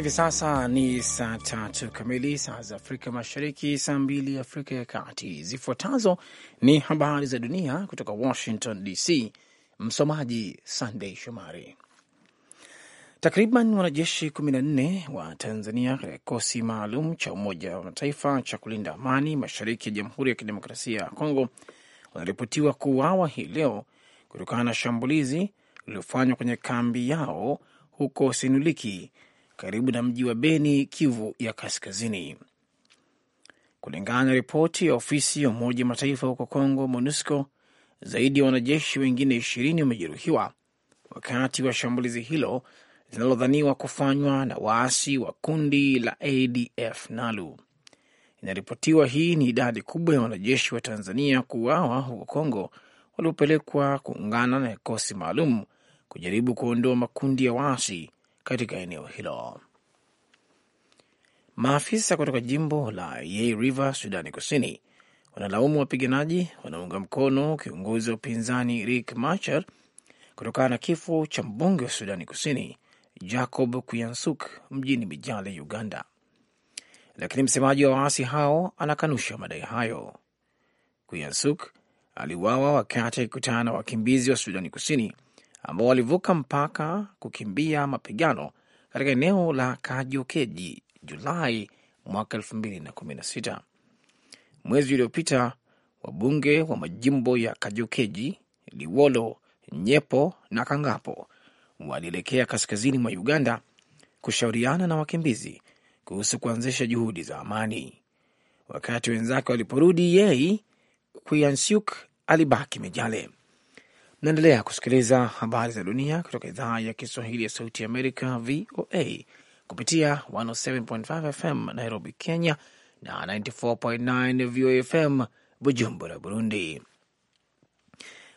Hivi sasa ni saa tatu kamili, saa za Afrika Mashariki, saa mbili Afrika ya Kati. Zifuatazo ni habari za dunia kutoka Washington DC. Msomaji Sandei Shomari. Takriban wanajeshi 14 wa Tanzania katika kikosi maalum cha Umoja wa Mataifa cha kulinda amani mashariki ya Jamhuri ya Kidemokrasia ya Kongo wanaripotiwa kuuawa hii leo kutokana na shambulizi lililofanywa kwenye kambi yao huko Sinuliki karibu na mji wa Beni, Kivu ya Kaskazini. Kulingana na ripoti ya ofisi ya Umoja Mataifa huko Kongo, MONUSCO, zaidi ya wanajeshi wengine ishirini wamejeruhiwa wakati wa shambulizi hilo linalodhaniwa kufanywa na waasi wa kundi la ADF NALU. Inaripotiwa hii ni idadi kubwa ya wanajeshi wa Tanzania kuuawa huko Kongo, waliopelekwa kuungana na kikosi maalum kujaribu kuondoa makundi ya waasi katika eneo hilo. Maafisa kutoka jimbo la Yei River, Sudani Kusini, wanalaumu wapiganaji wanaunga mkono kiongozi wa upinzani rik Machar kutokana na kifo cha mbunge wa Sudani Kusini Jacob Kuyansuk mjini Mijale, Uganda, lakini msemaji wa waasi hao anakanusha madai hayo. Kuyansuk aliuawa wakati akikutana na wakimbizi wa Sudani Kusini ambao walivuka mpaka kukimbia mapigano katika eneo la Kajokeji Julai mwaka sita. Mwezi uliopita wabunge wa majimbo ya Kajokeji, Liwolo, Nyepo na Kangapo walielekea kaskazini mwa Uganda kushauriana na wakimbizi kuhusu kuanzisha juhudi za amani. Wakati wenzake waliporudi, Yei Kuyansuk alibaki mijale Naendelea kusikiliza habari za dunia kutoka idhaa ya Kiswahili ya Sauti Amerika, VOA, kupitia 107.5 FM Nairobi, Kenya na 94.9 VOA FM Bujumbura, Burundi.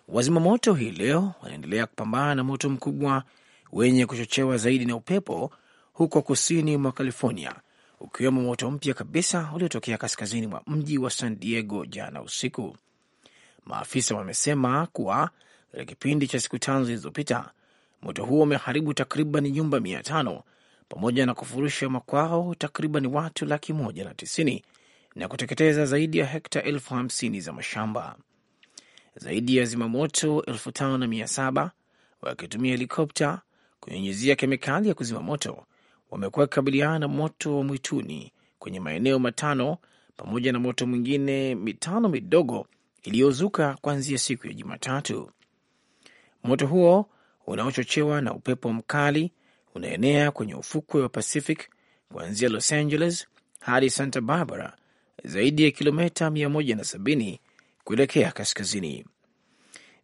Wazima moto hii leo wanaendelea kupambana na moto mkubwa wenye kuchochewa zaidi na upepo huko kusini mwa California, ukiwemo moto mpya kabisa uliotokea kaskazini mwa mji wa San Diego jana usiku. Maafisa wamesema kuwa katika kipindi cha siku tano zilizopita. Moto huo umeharibu takriban nyumba mia tano pamoja na kufurusha makwao takriban watu laki moja na tisini na kuteketeza zaidi ya hekta elfu hamsini za mashamba. Zaidi ya zimamoto elfu tano na mia saba wakitumia helikopta kunyunyizia kemikali ya kuzima moto wamekuwa wakikabiliana na moto wa mwituni kwenye maeneo matano pamoja na moto mwingine mitano midogo iliyozuka kuanzia siku ya Jumatatu. Moto huo unaochochewa na upepo mkali unaenea kwenye ufukwe wa Pacific kuanzia Los Angeles hadi Santa Barbara, zaidi ya kilomita 170 kuelekea kaskazini.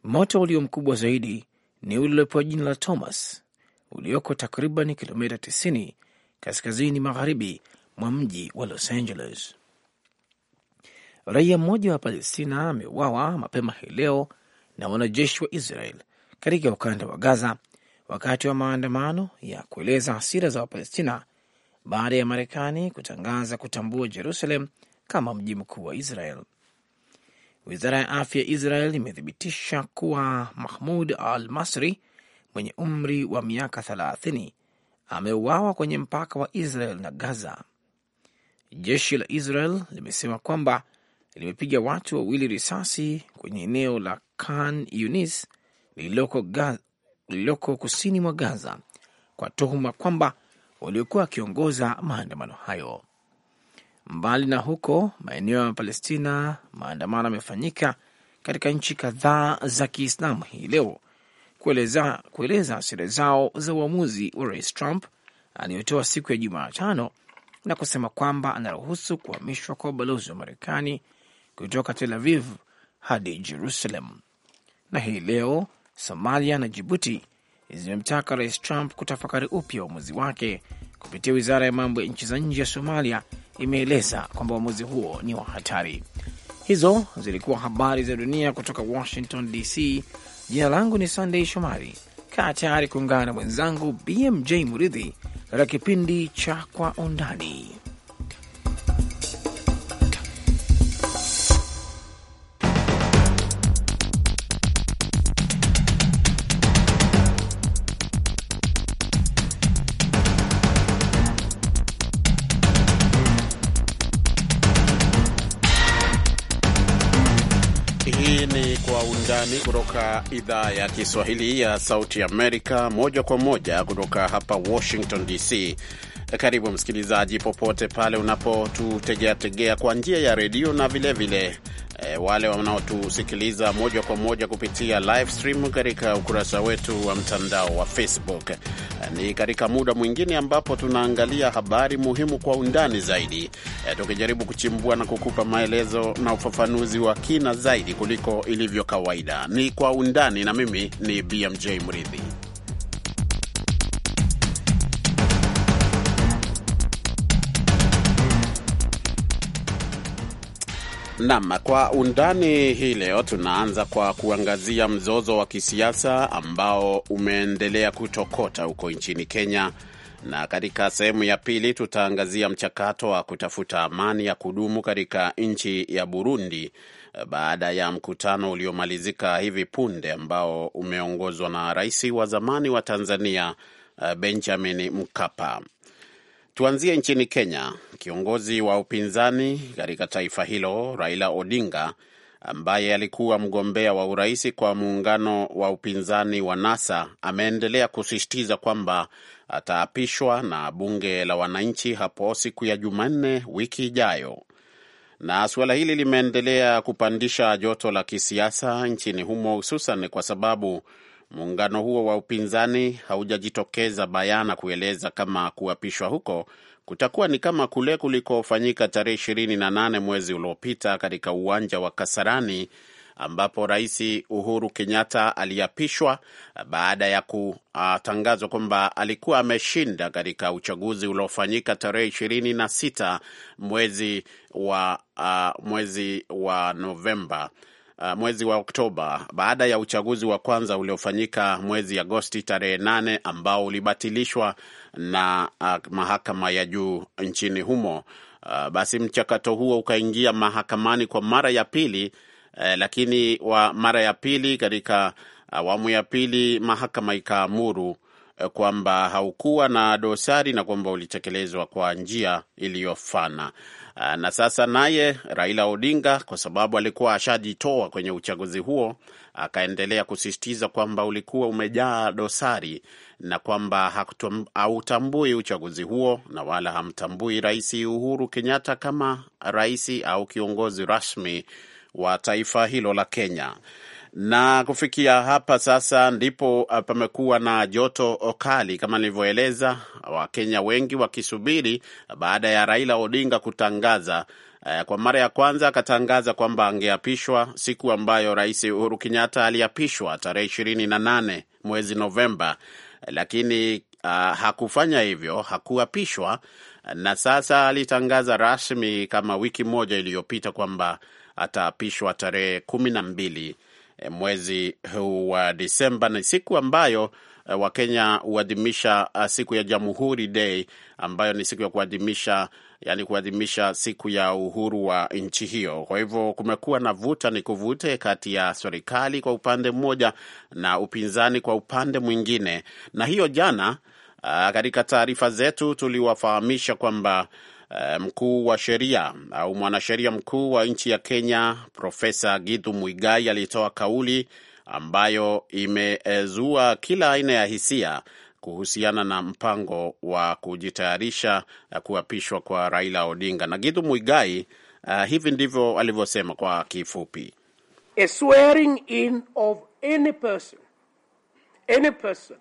Moto ulio mkubwa zaidi ni ule uliopewa jina la Thomas ulioko takriban kilomita 90 kaskazini magharibi mwa mji wa Los Angeles. Raia mmoja wa Palestina ameuawa mapema hii leo na wanajeshi wa Israel katika ukanda wa Gaza wakati wa maandamano ya kueleza hasira za Wapalestina baada ya Marekani kutangaza kutambua Jerusalem kama mji mkuu wa Israel. Wizara ya afya ya Israel imethibitisha kuwa Mahmud al Masri mwenye umri wa miaka thelathini ameuawa kwenye mpaka wa Israel na Gaza. Jeshi la Israel limesema kwamba limepiga watu wawili risasi kwenye eneo la Khan Yunis lililoko kusini mwa Gaza kwa tuhuma kwamba waliokuwa wakiongoza maandamano hayo. Mbali na huko maeneo ya Palestina, maandamano yamefanyika katika nchi kadhaa za Kiislamu hii leo kueleza kueleza hasira zao za uamuzi wa rais Trump aliyotoa siku ya Jumatano na kusema kwamba anaruhusu kuhamishwa kwa ubalozi wa Marekani kutoka Tel Aviv hadi Jerusalem. Na hii leo Somalia na Jibuti zimemtaka Rais Trump kutafakari upya uamuzi wake. Kupitia wizara ya mambo ya nchi za nje ya Somalia, imeeleza kwamba uamuzi huo ni wa hatari. Hizo zilikuwa habari za dunia kutoka Washington DC. Jina langu ni Sandei Shomari. Kaa tayari kuungana na mwenzangu BMJ Muridhi katika kipindi cha Kwa Undani. kutoka idhaa ya Kiswahili ya Sauti Amerika, moja kwa moja kutoka hapa Washington DC. Karibu msikilizaji, popote pale unapotutegeategea kwa njia ya redio na vilevile E, wale wanaotusikiliza moja kwa moja kupitia live stream katika ukurasa wetu wa mtandao wa Facebook. Eh, ni katika muda mwingine ambapo tunaangalia habari muhimu kwa undani zaidi, e, tukijaribu kuchimbua na kukupa maelezo na ufafanuzi wa kina zaidi kuliko ilivyo kawaida. Ni kwa undani, na mimi ni BMJ Mridhi. Nam, kwa undani hii leo tunaanza kwa kuangazia mzozo wa kisiasa ambao umeendelea kutokota huko nchini Kenya, na katika sehemu ya pili tutaangazia mchakato wa kutafuta amani ya kudumu katika nchi ya Burundi eh, baada ya mkutano uliomalizika hivi punde ambao umeongozwa na rais wa zamani wa Tanzania eh, Benjamin Mkapa. Tuanzie nchini Kenya. Kiongozi wa upinzani katika taifa hilo Raila Odinga, ambaye alikuwa mgombea wa urais kwa muungano wa upinzani wa NASA, ameendelea kusisitiza kwamba ataapishwa na bunge la wananchi hapo siku ya Jumanne wiki ijayo, na suala hili limeendelea kupandisha joto la kisiasa nchini humo, hususan kwa sababu Muungano huo wa upinzani haujajitokeza bayana kueleza kama kuapishwa huko kutakuwa ni kama kule kulikofanyika tarehe ishirini na nane mwezi uliopita katika uwanja wa Kasarani ambapo Rais Uhuru Kenyatta aliapishwa baada ya kutangazwa kwamba alikuwa ameshinda katika uchaguzi uliofanyika tarehe ishirini na sita mwezi wa, uh, mwezi wa Novemba uh, mwezi wa Oktoba baada ya uchaguzi wa kwanza uliofanyika mwezi Agosti tarehe nane ambao ulibatilishwa na uh, mahakama ya juu nchini humo. Uh, basi mchakato huo ukaingia mahakamani kwa mara ya pili eh, lakini wa mara ya pili katika awamu ya pili mahakama ikaamuru uh, kwamba haukuwa na dosari na kwamba ulitekelezwa kwa njia iliyofana. Ah, na sasa naye Raila Odinga, kwa sababu alikuwa ashajitoa kwenye uchaguzi huo, akaendelea kusisitiza kwamba ulikuwa umejaa dosari na kwamba hautambui uchaguzi huo na wala hamtambui Rais Uhuru Kenyatta kama rais au kiongozi rasmi wa taifa hilo la Kenya. Na kufikia hapa sasa ndipo uh, pamekuwa na joto kali kama nilivyoeleza, Wakenya wengi wakisubiri baada ya Raila Odinga kutangaza uh, kwa mara ya kwanza akatangaza kwamba angeapishwa siku ambayo Rais Uhuru Kenyatta aliapishwa tarehe ishirini na nane mwezi Novemba, lakini uh, hakufanya hivyo, hakuapishwa, na sasa alitangaza rasmi kama wiki moja iliyopita kwamba ataapishwa tarehe kumi na mbili E, mwezi huu wa Disemba, ni siku ambayo e, Wakenya huadhimisha e, siku ya Jamhuri Day ambayo ni siku ya kuadhimisha yani kuadhimisha siku ya uhuru wa nchi hiyo. Kwa hivyo kumekuwa na vuta ni kuvute kati ya serikali kwa upande mmoja na upinzani kwa upande mwingine, na hiyo jana, katika taarifa zetu tuliwafahamisha kwamba Eh, mkuu wa sheria au mwanasheria mkuu wa nchi ya Kenya Profesa Githu Muigai alitoa kauli ambayo imezua kila aina ya hisia kuhusiana na mpango wa kujitayarisha kuapishwa kwa Raila Odinga. Na Githu Muigai uh, hivi ndivyo alivyosema kwa kifupi: A swearing in of any person, any person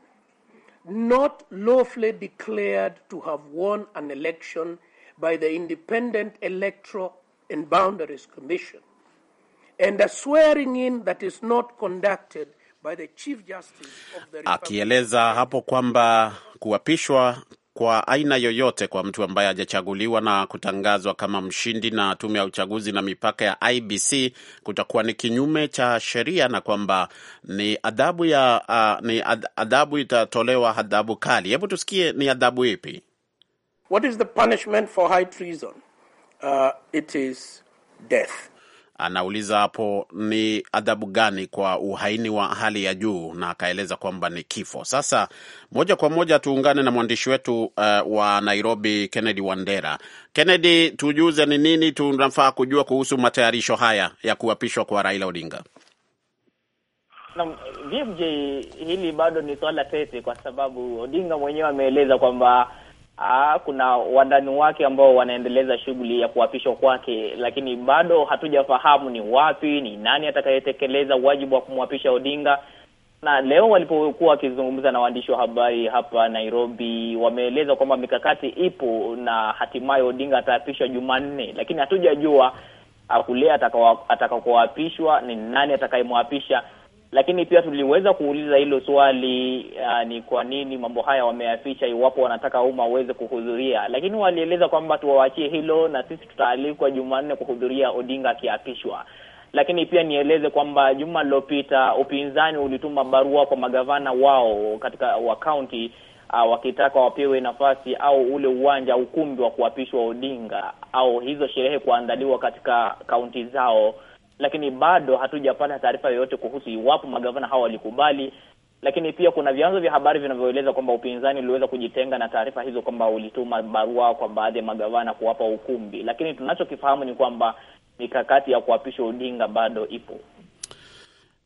not lawfully declared to have won an election by the Independent Electoral and Boundaries Commission, and a swearing in that is not conducted by the Chief Justice of the Republic. akieleza hapo kwamba kuapishwa kwa aina yoyote kwa mtu ambaye hajachaguliwa na kutangazwa kama mshindi na tume ya uchaguzi na mipaka ya IBC kutakuwa ni kinyume cha sheria na kwamba ni adhabu ya uh, ni adhabu itatolewa adhabu kali. Hebu tusikie ni adhabu ipi? What is the punishment for high treason? Uh, it is death. Anauliza hapo ni adhabu gani kwa uhaini wa hali ya juu, na akaeleza kwamba ni kifo. Sasa moja kwa moja tuungane na mwandishi wetu uh, wa Nairobi, Kennedy Wandera. Kennedy, tujuze ni nini tunafaa kujua kuhusu matayarisho haya ya kuapishwa kwa Raila Odinga. hili bado ni swala tete, kwa sababu Odinga mwenyewe ameeleza kwamba Aa, ah, kuna wandani wake ambao wanaendeleza shughuli ya kuapishwa kwake, lakini bado hatujafahamu ni wapi, ni nani atakayetekeleza wajibu wa kumwapisha Odinga. Na leo walipokuwa wakizungumza na waandishi wa habari hapa Nairobi, wameeleza kwamba mikakati ipo na hatimaye Odinga ataapishwa Jumanne, lakini hatujajua ah, kule atakakuapishwa ni nani atakayemwapisha lakini pia tuliweza kuuliza hilo swali uh, ni kwa nini mambo haya wameyaficha iwapo wanataka umma uweze kuhudhuria, lakini walieleza kwamba tuwaachie hilo na sisi tutaalikwa Jumanne kuhudhuria Odinga akiapishwa. Lakini pia nieleze kwamba juma lilopita upinzani ulituma barua kwa magavana wao katika wa kaunti uh, wakitaka wapewe nafasi au ule uwanja ukumbi wa kuapishwa Odinga au hizo sherehe kuandaliwa katika kaunti zao lakini bado hatujapata taarifa yoyote kuhusu iwapo magavana hao walikubali. Lakini pia kuna vyanzo vya habari vinavyoeleza kwamba upinzani uliweza kujitenga na taarifa hizo, kwamba ulituma barua kwa baadhi ya magavana kuwapa ukumbi, lakini tunachokifahamu ni kwamba mikakati ya kuapisha Odinga bado ipo.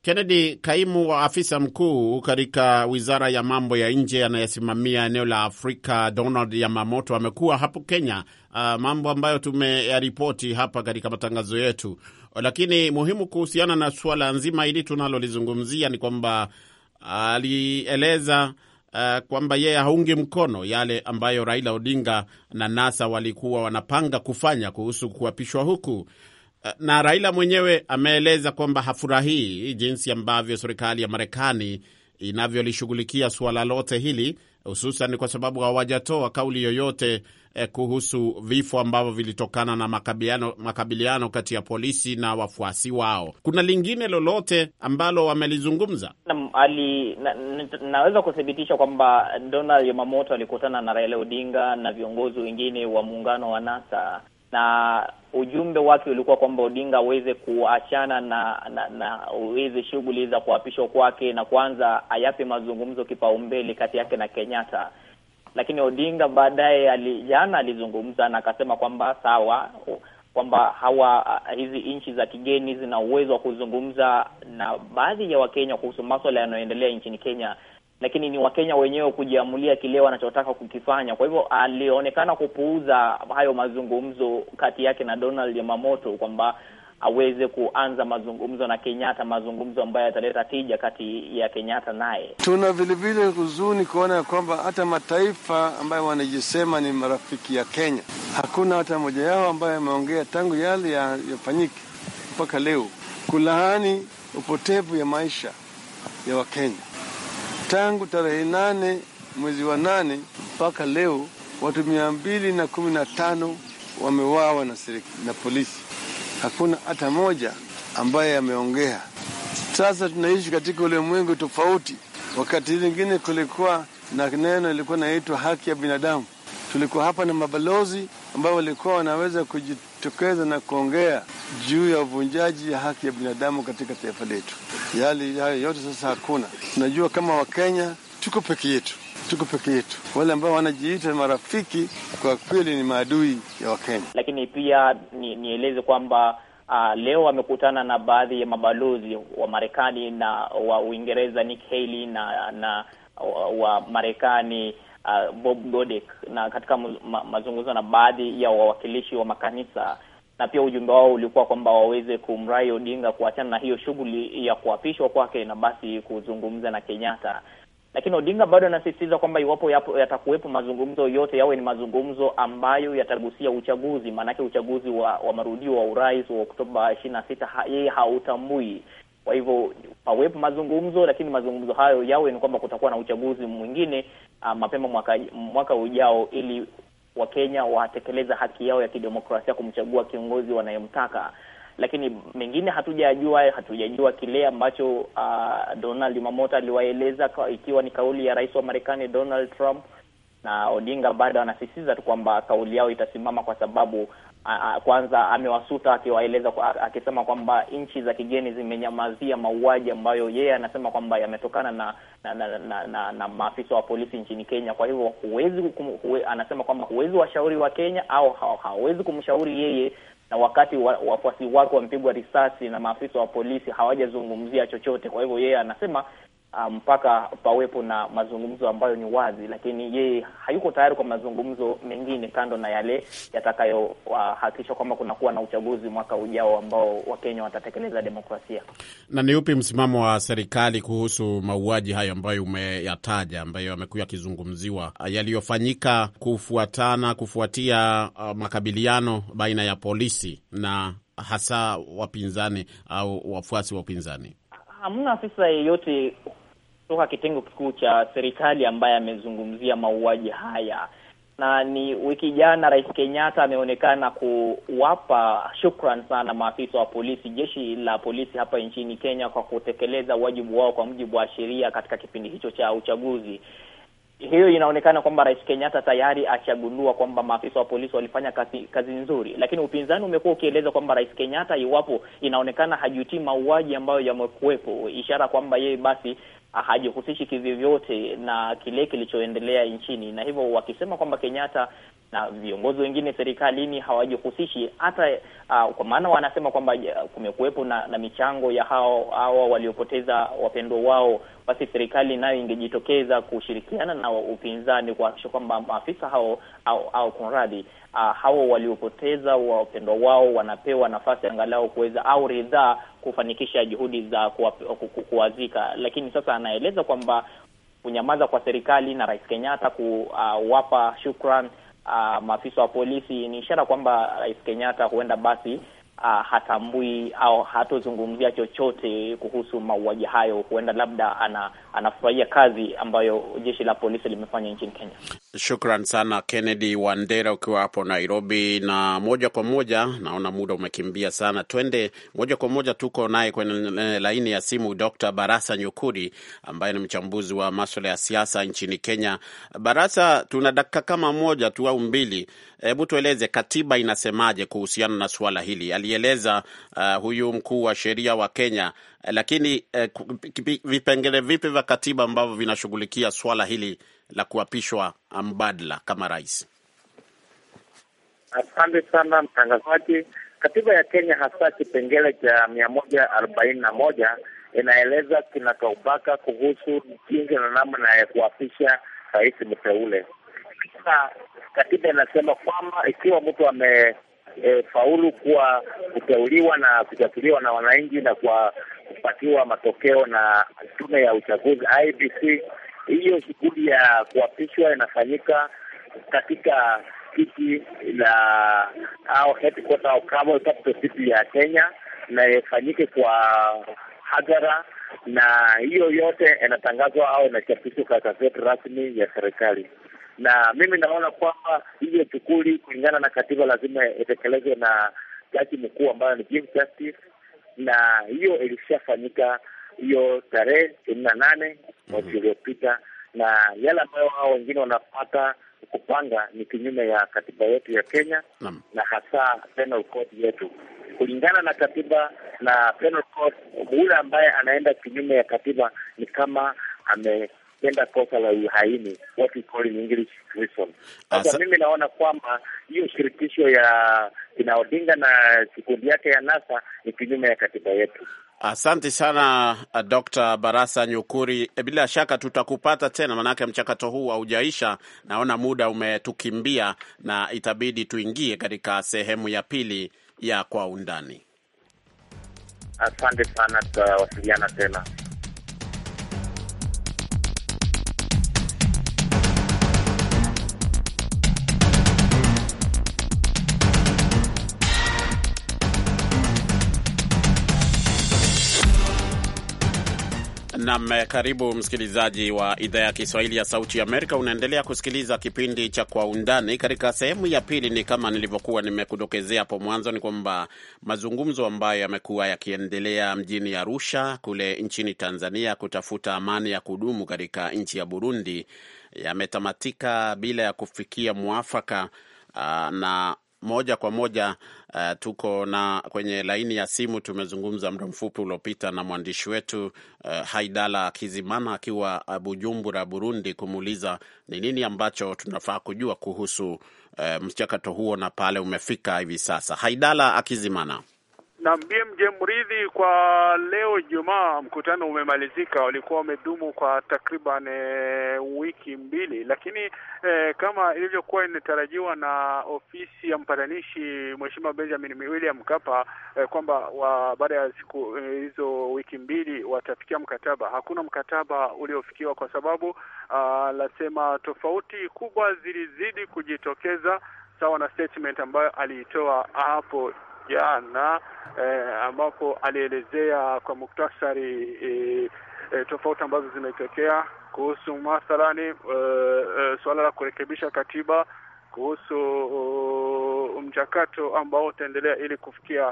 Kennedy, kaimu wa afisa mkuu katika wizara ya mambo ya nje anayesimamia eneo la Afrika, Donald Yamamoto amekuwa hapo Kenya uh, mambo ambayo tumeyaripoti hapa katika matangazo yetu, lakini muhimu kuhusiana na suala nzima hili tunalolizungumzia ni kwamba ah, alieleza uh, kwamba yeye haungi mkono yale ambayo Raila Odinga na NASA walikuwa wanapanga kufanya kuhusu kuapishwa huku. na Raila mwenyewe ameeleza kwamba hafurahii jinsi ambavyo serikali ya Marekani inavyolishughulikia suala lote hili, hususan kwa sababu hawajatoa kauli yoyote eh, kuhusu vifo ambavyo vilitokana na makabiliano, makabiliano kati ya polisi na wafuasi wao. Kuna lingine lolote ambalo wamelizungumza? Na, ali, na, na, naweza kuthibitisha kwamba Donald Yamamoto alikutana na Raila Odinga na viongozi wengine wa muungano wa NASA na ujumbe wake ulikuwa kwamba Odinga aweze kuachana na na, na hizi shughuli za kuapishwa kwake na kwanza ayape mazungumzo kipaumbele kati yake na Kenyatta. Lakini Odinga baadaye alijana jana alizungumza na akasema kwamba sawa kwamba hawa hizi nchi za kigeni zina uwezo wa kuzungumza na baadhi ya Wakenya kuhusu maswala yanayoendelea nchini Kenya, lakini ni Wakenya wenyewe kujiamulia kile wanachotaka kukifanya. Kwa hivyo alionekana kupuuza hayo mazungumzo kati yake na Donald Yamamoto kwamba aweze kuanza mazungumzo na Kenyatta, mazungumzo ambayo yataleta tija kati ya Kenyatta naye. Tuna vilevile huzuni kuona ya kwamba hata mataifa ambayo wanajisema ni marafiki ya Kenya, hakuna hata moja yao ambayo yameongea tangu yale yafanyike mpaka leo kulaani upotevu ya maisha ya Wakenya tangu tarehe nane mwezi wa nane mpaka leo watu mia mbili na kumi na tano wamewawa na, na polisi hakuna hata moja ambaye ameongea. Sasa tunaishi katika ulimwengu tofauti. Wakati mwingine kulikuwa na neno ilikuwa naitwa haki ya binadamu. Tulikuwa hapa na mabalozi ambao walikuwa wanaweza kujitokeza na kuongea juu ya uvunjaji ya haki ya binadamu katika taifa letu. Yali hayo yote sasa hakuna. Tunajua kama Wakenya tuko peke yetu tuko peke yetu. Wale ambao wanajiita marafiki kwa kweli ni maadui ya Wakenya. Lakini pia nieleze ni kwamba Uh, leo wamekutana na baadhi ya mabalozi wa Marekani na wa Uingereza Nick Haley na na wa, Marekani uh, Bob Godek na katika ma, mazungumzo na baadhi ya wawakilishi wa makanisa, na pia ujumbe wao ulikuwa kwamba waweze kumrai Odinga kuachana na hiyo shughuli ya kuapishwa kwake na basi kuzungumza na Kenyatta. Lakini Odinga bado anasisitiza kwamba iwapo yatakuwepo mazungumzo yote, yawe ni mazungumzo ambayo yatagusia uchaguzi, maanake uchaguzi wa, wa marudio wa urais wa Oktoba ishirini na sita yeye hautambui. Kwa hivyo pawepo mazungumzo, lakini mazungumzo hayo yawe ni kwamba kutakuwa na uchaguzi mwingine a, ah, mapema mwaka, mwaka ujao ili Wakenya watekeleza haki yao ya kidemokrasia kumchagua kiongozi wanayemtaka lakini mengine hatujajua, hatujajua kile ambacho uh, Donald Mamota aliwaeleza ikiwa ni kauli ya rais wa Marekani Donald Trump, na Odinga bado anasisitiza tu kwamba kauli yao itasimama kwa sababu a, ah, ah, kwanza amewasuta akiwaeleza akisema kwamba nchi za kigeni zimenyamazia mauaji ambayo yeye anasema kwamba yametokana na na, na, na, na, na maafisa wa polisi nchini Kenya. Kwa hivyo huwezi anasema kwamba huwezi washauri wa Kenya au hawezi kumshauri yeye na wakati wa, wafuasi wake wamepigwa risasi na maafisa wa polisi hawajazungumzia chochote. Kwa hivyo yeye anasema Ah, mpaka pawepo na mazungumzo ambayo ni wazi, lakini yeye hayuko tayari kwa mazungumzo mengine kando na yale yatakayohakikisha ah, kwamba kunakuwa na uchaguzi mwaka ujao ambao Wakenya watatekeleza demokrasia. Na ni upi msimamo wa serikali kuhusu mauaji hayo ambayo umeyataja, ambayo yamekuwa yakizungumziwa, ah, yaliyofanyika kufuatana kufuatia uh, makabiliano baina ya polisi na hasa wapinzani au wafuasi wa upinzani? Hamna afisa yeyote kutoka kitengo kikuu cha serikali ambaye amezungumzia mauaji haya na ni wiki jana Rais Kenyatta ameonekana kuwapa shukran sana maafisa wa polisi, jeshi la polisi hapa nchini Kenya kwa kutekeleza wajibu wao kwa mujibu wa sheria katika kipindi hicho cha uchaguzi. Hiyo inaonekana kwamba Rais Kenyatta tayari achagundua kwamba maafisa wa polisi walifanya kazi, kazi nzuri, lakini upinzani umekuwa ukieleza kwamba Rais Kenyatta, iwapo inaonekana hajutii mauaji ambayo yamekuwepo, ishara kwamba yeye basi hajihusishi kivyovyote na kile kilichoendelea nchini, na hivyo wakisema kwamba Kenyatta na viongozi wengine serikalini hawajihusishi hata uh, kwa maana wanasema kwamba eh, kumekuwepo na, na michango ya hao hawa waliopoteza wapendwa wao, basi serikali nayo ingejitokeza kushirikiana na upinzani kuhakikisha kwamba maafisa hao au, au kunradhi uh, hao waliopoteza wapendwa wao wanapewa nafasi angalau kuweza au ridhaa kufanikisha juhudi za kuwazika. Lakini sasa anaeleza kwamba kunyamaza kwa serikali na Rais Kenyatta kuwapa ah, uh, shukran uh, maafisa wa polisi, ni ishara kwamba Rais Kenyatta huenda basi uh, hatambui au hatozungumzia chochote kuhusu mauaji hayo. Huenda labda ana, anafurahia kazi ambayo jeshi la polisi limefanya nchini Kenya. Shukran sana Kennedy Wandera ukiwa hapo Nairobi. Na moja kwa moja, naona muda umekimbia sana, twende moja kwa moja, tuko naye kwenye laini ya simu Dr. Barasa Nyukuri ambaye ni mchambuzi wa maswala ya siasa nchini Kenya. Barasa, tuna dakika kama moja tu au mbili. Hebu tueleze katiba inasemaje kuhusiana na suala hili? Alieleza uh, huyu mkuu wa sheria wa Kenya, eh, lakini uh, vipengele vipi vya katiba ambavyo vinashughulikia suala hili la kuapishwa uh, mbadala kama rais? Asante sana mtangazaji. Katiba ya Kenya hasa kipengele cha mia moja arobaini na moja inaeleza kinataubaka kuhusu jinsi na namna ya kuapisha rais mteule katiba inasema kwamba ikiwa mtu amefaulu e, kuwa kuteuliwa na kuchaguliwa na wananchi na kwa kupatiwa matokeo na tume ya uchaguzi IBC, hiyo shughuli ya kuapishwa inafanyika katika kiti la au headquarters au kama capital city ya Kenya na ifanyike kwa hadhara, na hiyo yote inatangazwa au inachapishwa kwa gazeti rasmi ya serikali na mimi naona kwamba hiyo shughuli kulingana na katiba lazima itekelezwe na jaji mkuu ambayo ni Chief Justice, na hiyo ilishafanyika hiyo tarehe ishirini na nane mwezi uliopita, na yale ambayo hao wengine wanapata kupanga ni kinyume ya katiba yetu ya Kenya -hmm. na hasa penal code yetu kulingana na katiba na penal code, yule ambaye anaenda kinyume ya katiba ni kama ame kupenda kosa la uhaini, what we call in English treason. Sasa mimi naona kwamba hiyo shirikisho ya kina Odinga na kikundi yake ya NASA ni kinyume ya katiba yetu. Asante sana uh, Dr. Barasa Nyukuri, eh, bila shaka tutakupata tena, maanake mchakato huu haujaisha. Naona muda umetukimbia na itabidi tuingie katika sehemu ya pili ya kwa undani. Asante sana, tutawasiliana tena. Nam, eh, karibu msikilizaji wa idhaa ya Kiswahili ya Sauti ya Amerika. Unaendelea kusikiliza kipindi cha Kwa Undani. Katika sehemu ya pili, ni kama nilivyokuwa nimekudokezea hapo mwanzo, ni kwamba mazungumzo ambayo yamekuwa yakiendelea mjini Arusha kule nchini Tanzania kutafuta amani ya kudumu katika nchi ya Burundi yametamatika bila ya kufikia mwafaka ah, na moja kwa moja uh, tuko na kwenye laini ya simu. Tumezungumza muda mfupi uliopita na mwandishi wetu uh, Haidala Kizimana akiwa Bujumbura, Burundi, kumuuliza ni nini ambacho tunafaa kujua kuhusu uh, mchakato huo na pale umefika hivi sasa. Haidala Akizimana. Na BMJ Mridhi, kwa leo Ijumaa, mkutano umemalizika. Walikuwa wamedumu kwa takriban eh, wiki mbili, lakini e, kama ilivyokuwa inatarajiwa na ofisi ya mpatanishi Mheshimiwa Benjamin William Mkapa e, kwamba baada ya siku hizo e, wiki mbili watafikia mkataba, hakuna mkataba uliofikiwa kwa sababu anasema ah, tofauti kubwa zilizidi kujitokeza, sawa na statement ambayo aliitoa hapo jana eh, ambapo alielezea kwa muktasari eh, eh, tofauti ambazo zimetokea kuhusu mathalani eh, eh, suala la kurekebisha katiba kuhusu uh, mchakato ambao utaendelea ili kufikia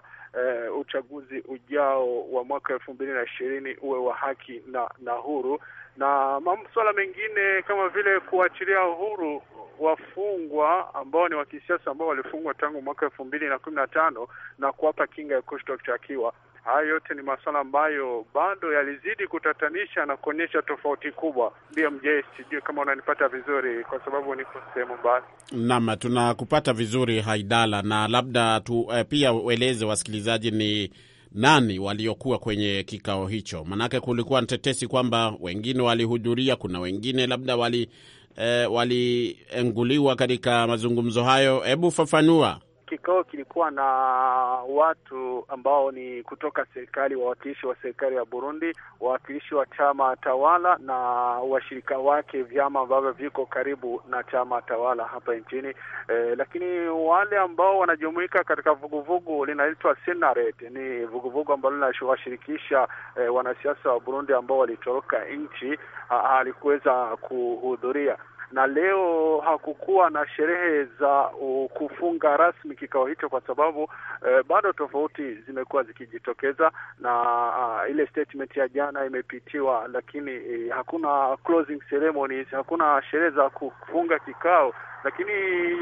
uh, uchaguzi ujao wa mwaka elfu mbili na ishirini uwe wa haki na, na huru na masuala mengine kama vile kuachilia uhuru wafungwa ambao ni wa kisiasa ambao walifungwa tangu mwaka elfu mbili na kumi na tano na kuwapa kinga ya kushtakiwa. Haya yote ni masuala ambayo bado yalizidi kutatanisha na kuonyesha tofauti kubwa. BMJ, sijui kama unanipata vizuri, kwa sababu niko sehemu mbali. Naam, tunakupata vizuri Haidala, na labda tu, uh, pia ueleze wasikilizaji ni nani waliokuwa kwenye kikao hicho? Manake kulikuwa tetesi kwamba wengine walihudhuria, kuna wengine labda wali eh, walienguliwa katika mazungumzo hayo. Hebu fafanua kikao kilikuwa na watu ambao ni kutoka serikali, wawakilishi wa serikali ya Burundi, wawakilishi wa chama tawala na washirika wake, vyama ambavyo viko karibu na chama tawala hapa nchini e, lakini wale ambao wanajumuika katika vuguvugu linaitwa Sinaret, ni vuguvugu ambalo linashirikisha e, wanasiasa wa Burundi ambao walitoroka nchi, alikuweza kuhudhuria na leo hakukuwa na sherehe za uh, kufunga rasmi kikao hicho kwa sababu uh, bado tofauti zimekuwa zikijitokeza na uh, ile statement ya jana imepitiwa, lakini uh, hakuna closing ceremonies, hakuna sherehe za kufunga kikao, lakini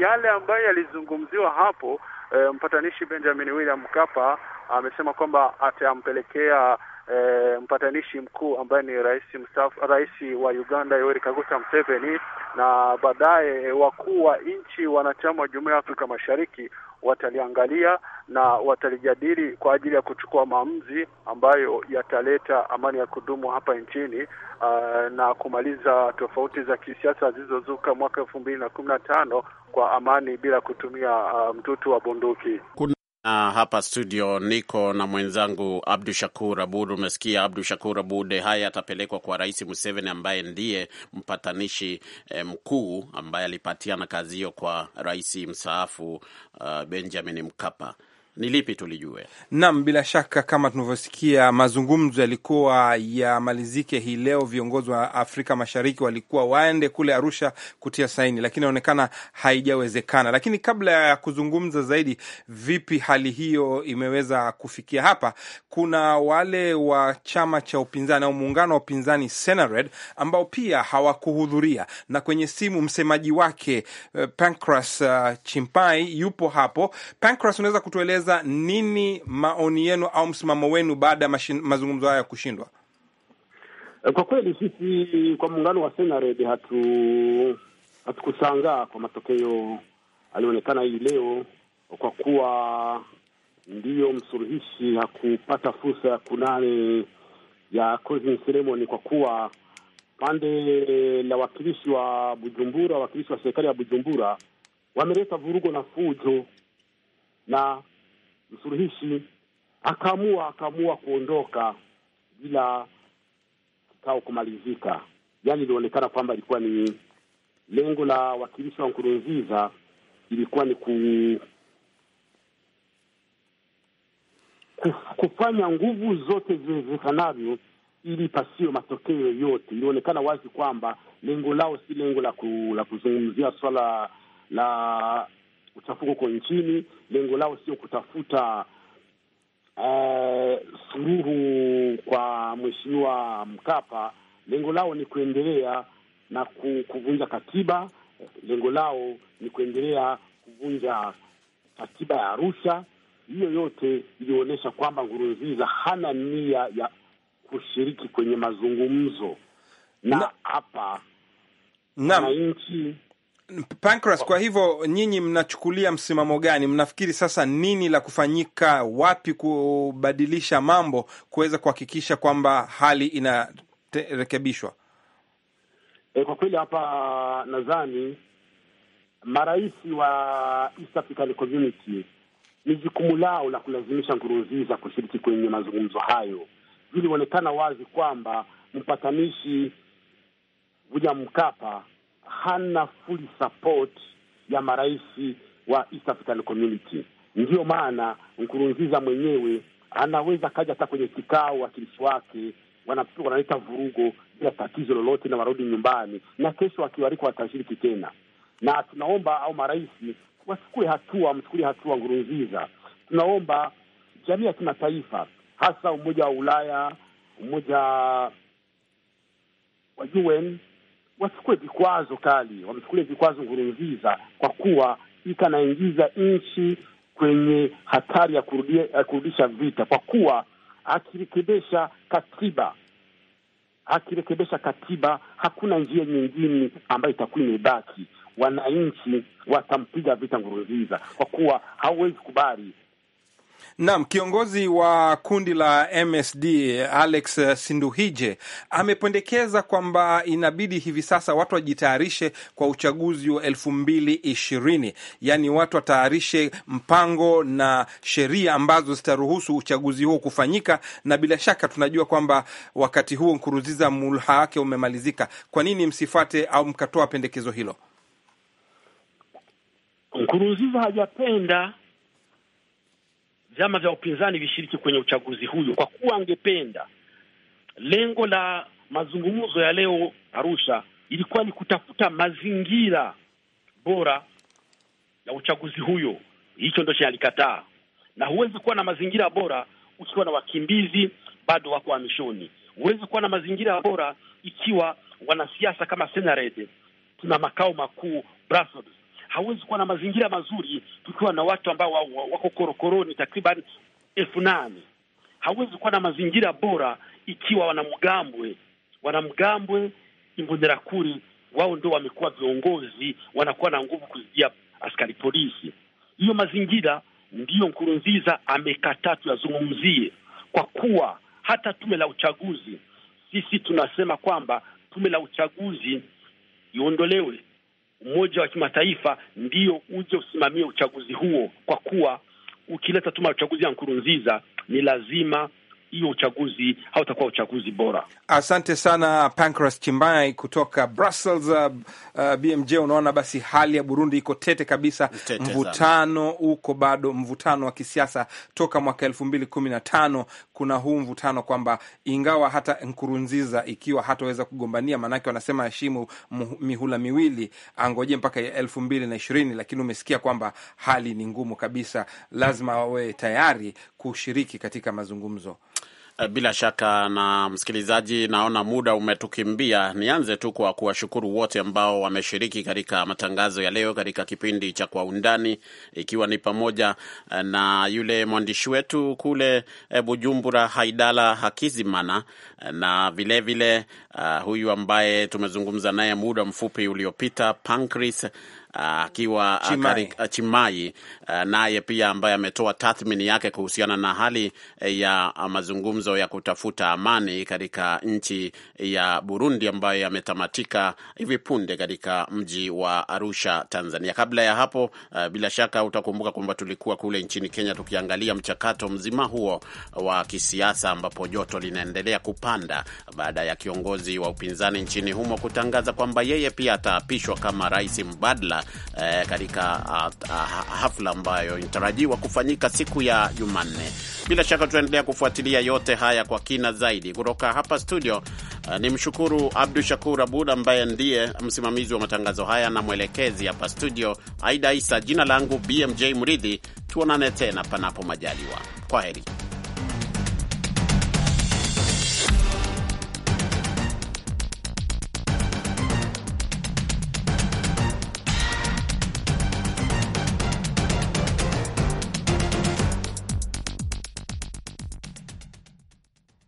yale ambayo yalizungumziwa hapo uh, mpatanishi Benjamin William Mkapa amesema kwamba atampelekea E, mpatanishi mkuu ambaye ni rais mstaafu, rais wa Uganda Yoweri Kaguta Museveni, na baadaye eh, wakuu wa nchi wanachama wa Jumuiya ya Afrika Mashariki wataliangalia na watalijadili kwa ajili ya kuchukua maamuzi ambayo yataleta amani ya kudumu hapa nchini uh, na kumaliza tofauti za kisiasa zilizozuka mwaka elfu mbili na kumi na tano kwa amani bila kutumia uh, mtutu wa bunduki. Kuna na hapa studio niko na mwenzangu Abdu Shakur Abud. Umesikia Abdu Shakur Abud, haya atapelekwa kwa Rais Museveni ambaye ndiye mpatanishi eh, mkuu ambaye alipatiana kazi hiyo kwa rais mstaafu uh, Benjamin Mkapa ni lipi tulijue? Naam, bila shaka kama tunavyosikia, mazungumzo yalikuwa yamalizike hii leo. Viongozi wa Afrika Mashariki walikuwa waende kule Arusha kutia saini, lakini inaonekana haijawezekana. Lakini kabla ya kuzungumza zaidi vipi hali hiyo imeweza kufikia hapa, kuna wale wa chama cha upinzani au muungano wa upinzani Senared ambao pia hawakuhudhuria, na kwenye simu msemaji wake eh, Pancras eh, Chimpai yupo hapo. Pancras, unaweza kutueleza kwanza, nini maoni yenu au msimamo wenu baada ya mazungumzo haya kushindwa? Eh, kwa kweli sisi kwa muungano wa Senared hatu kwa matokeo alionekana hii leo, kwa kuwa ndiyo msuluhishi hakupata fursa ya kunane ya closing ceremony, kwa kuwa pande la wakilishi wa Bujumbura, wakilishi wa serikali ya Bujumbura wameleta vurugo na fujo, na msuluhishi akaamua akaamua kuondoka bila kikao kumalizika. yani ilionekana kwamba ilikuwa ni lengo la wakilishi wa Nkurunziza ilikuwa ni ku, kufanya nguvu zote ziwezekanavyo ili pasio matokeo yoyote. Ilionekana wazi kwamba lengo lao si lengo la, ku, la kuzungumzia swala la Machafuko huko nchini, lengo lao sio kutafuta uh, suluhu kwa mheshimiwa Mkapa. Lengo lao ni kuendelea na kuvunja katiba. Lengo lao ni kuendelea kuvunja katiba ya Arusha. Hiyo yote ilionyesha kwamba Nkurunziza hana nia ya kushiriki kwenye mazungumzo na hapa wananchi Pancras, kwa hivyo nyinyi mnachukulia msimamo gani? Mnafikiri sasa nini la kufanyika, wapi kubadilisha mambo kuweza kuhakikisha kwamba hali inarekebishwa? E, eh, kwa kweli hapa nadhani marais wa East African Community ni jukumu lao la kulazimisha Nkurunziza kushiriki kwenye mazungumzo hayo. Vilionekana wazi kwamba mpatanishi William Mkapa hana full support ya marais wa East African Community. Ndiyo maana Nkurunziza mwenyewe anaweza akaja hata kwenye kikao wakilishi wake wanaleta vurugo bila tatizo lolote, na warudi nyumbani, na kesho akiwalikwa watashiriki tena. Na tunaomba au marais wachukue hatua, mchukulie hatua Nkurunziza. Tunaomba jamii ya kimataifa, hasa Umoja wa Ulaya, umoja wa UN wachukue vikwazo kali, wamechukulia vikwazo Nkurunziza kwa kuwa ika anaingiza nchi kwenye hatari ya kurudia, kurudisha vita, kwa kuwa akirekebesha katiba akirekebesha katiba, hakuna njia nyingine ambayo itakuwa imebaki. Wananchi watampiga vita Nkurunziza kwa kuwa hauwezi kubali Naam, kiongozi wa kundi la MSD Alex Sinduhije amependekeza kwamba inabidi hivi sasa watu wajitayarishe kwa uchaguzi wa elfu mbili ishirini, yaani watu watayarishe mpango na sheria ambazo zitaruhusu uchaguzi huo kufanyika, na bila shaka tunajua kwamba wakati huo Nkuruziza mulha wake umemalizika. Kwa nini msifate au mkatoa pendekezo hilo? Nkuruziza hajapenda vyama vya upinzani vishiriki kwenye uchaguzi huyo, kwa kuwa angependa. Lengo la mazungumzo ya leo Arusha ilikuwa ni kutafuta mazingira bora ya uchaguzi huyo. Hicho ndio chenye alikataa, na huwezi kuwa na mazingira bora ukiwa na wakimbizi bado wako hamishoni. Huwezi kuwa na mazingira bora ikiwa wanasiasa kama Senarede tuna makao makuu Brussels hauwezi kuwa na mazingira mazuri tukiwa na watu ambao wako korokoroni takriban elfu nane. Hauwezi kuwa na mazingira bora ikiwa wanamgambwe wanamgambwe Imbonerakure wao ndio wamekuwa viongozi, wanakuwa na nguvu kuzidia askari polisi. Hiyo mazingira ndiyo Nkurunziza amekataa tuyazungumzie, kwa kuwa hata tume la uchaguzi, sisi tunasema kwamba tume la uchaguzi iondolewe, Umoja wa Kimataifa ndio uje usimamie uchaguzi huo, kwa kuwa ukileta tuma uchaguzi ya Nkurunziza ni lazima hiyo uchaguzi hautakuwa uchaguzi bora. Asante sana Pancras Chimbai kutoka Brussels. Uh, uh, BMJ, unaona basi hali ya Burundi iko tete kabisa, mvutano huko bado, mvutano wa kisiasa toka mwaka elfu mbili kumi na tano kuna huu mvutano kwamba ingawa hata Nkurunziza ikiwa hataweza kugombania, maanake wanasema heshimu mihula miwili, angoje mpaka elfu mbili na ishirini, lakini umesikia kwamba hali ni ngumu kabisa, lazima wawe tayari kushiriki katika mazungumzo. Eh, bila shaka na msikilizaji, naona muda umetukimbia. Nianze tu kwa kuwashukuru wote ambao wameshiriki katika matangazo ya leo katika kipindi cha Kwa Undani, ikiwa ni pamoja eh, na yule mwandishi wetu kule eh, Bujumbura, Haidala Hakizimana, na vilevile vile, uh, huyu ambaye tumezungumza naye muda mfupi uliopita Pancris akiwa Chimai, eh, eh, naye pia ambaye ametoa tathmini yake kuhusiana na hali eh, ya ah, mazungumzo ya kutafuta amani katika nchi ya Burundi ambayo yametamatika hivi punde katika mji wa Arusha, Tanzania. Kabla ya hapo, bila shaka utakumbuka kwamba tulikuwa kule nchini Kenya tukiangalia mchakato mzima huo wa kisiasa ambapo joto linaendelea kupanda baada ya kiongozi wa upinzani nchini humo kutangaza kwamba yeye pia ataapishwa kama rais mbadala eh, katika ah, ah, hafla ambayo inatarajiwa kufanyika siku ya Jumanne. Bila shaka tutaendelea kufuatilia yote haya kwa kina zaidi kutoka hapa studio. Uh, ni mshukuru Abdu Shakur Abud ambaye ndiye msimamizi wa matangazo haya na mwelekezi hapa studio, Aida Isa. Jina langu BMJ mridhi tuonane tena panapo majaliwa. Kwa heri.